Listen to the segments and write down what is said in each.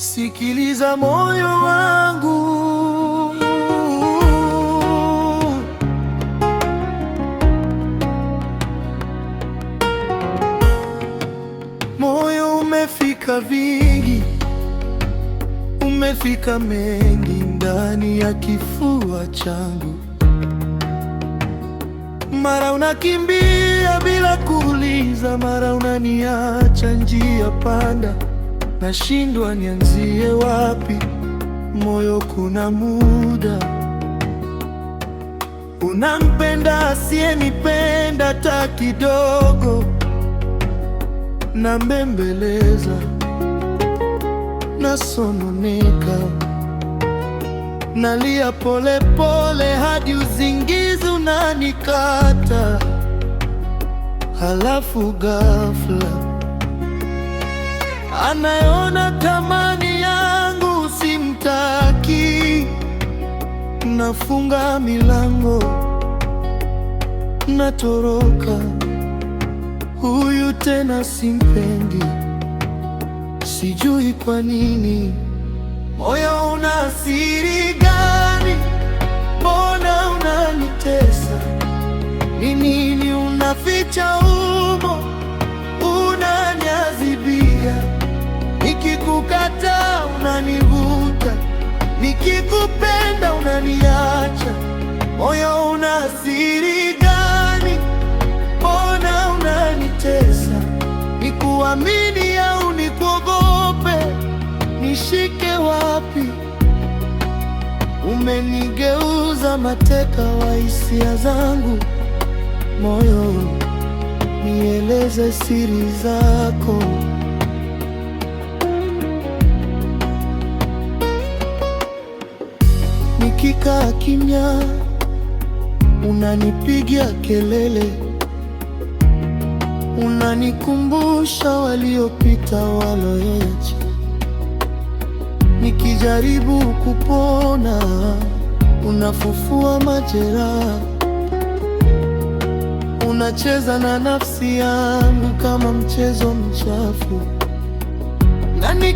Sikiliza moyo wangu, moyo umefika vingi, umefika mengi ndani ya kifua changu. Mara unakimbia bila kuuliza, mara unaniacha njia panda nashindwa nianzie wapi, moyo kuna muda unampenda asiyenipenda hata kidogo, nambembeleza, nasononeka, nalia polepole hadi uzingizi unanikata, halafu ghafla anayona thamani yangu simtaki. Nafunga milango, natoroka, huyu tena simpendi, sijui kwa nini. Moyo una siri gani? Mbona unanitesa? Ni nini unaficha? kupenda unaniacha, moyo una siri gani? Mbona unanitesa? Nikuamini au nikuogope? Nishike wapi? Umenigeuza mateka wa hisia zangu, moyo nieleze siri zako. unakaa kimya, unanipigia kelele, unanikumbusha waliopita waloacha. Nikijaribu kupona, unafufua majeraha, unacheza na nafsi yangu kama mchezo mchafu.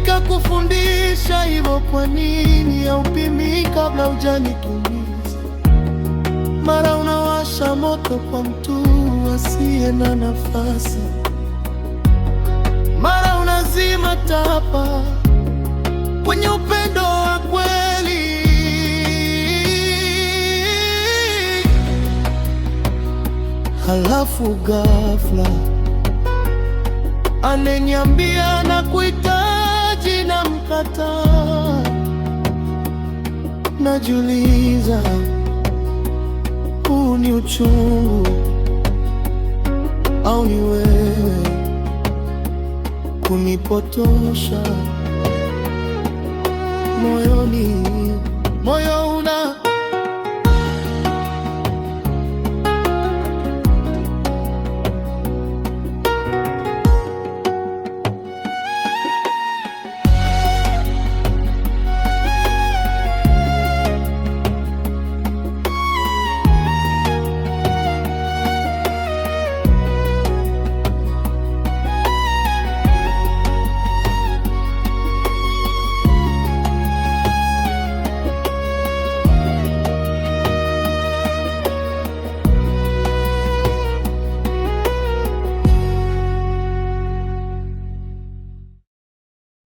Nikakufundisha hivyo, kwa nini upimi kabla hujanitumiza? Mara unawasha moto kwa mtu asiye na nafasi, mara unazima tapa kwenye upendo wa kweli. Halafu ghafla aneniambia na kuita najuliza, huu ni uchungu au ni wewe kunipotosha moyoni? Moyo una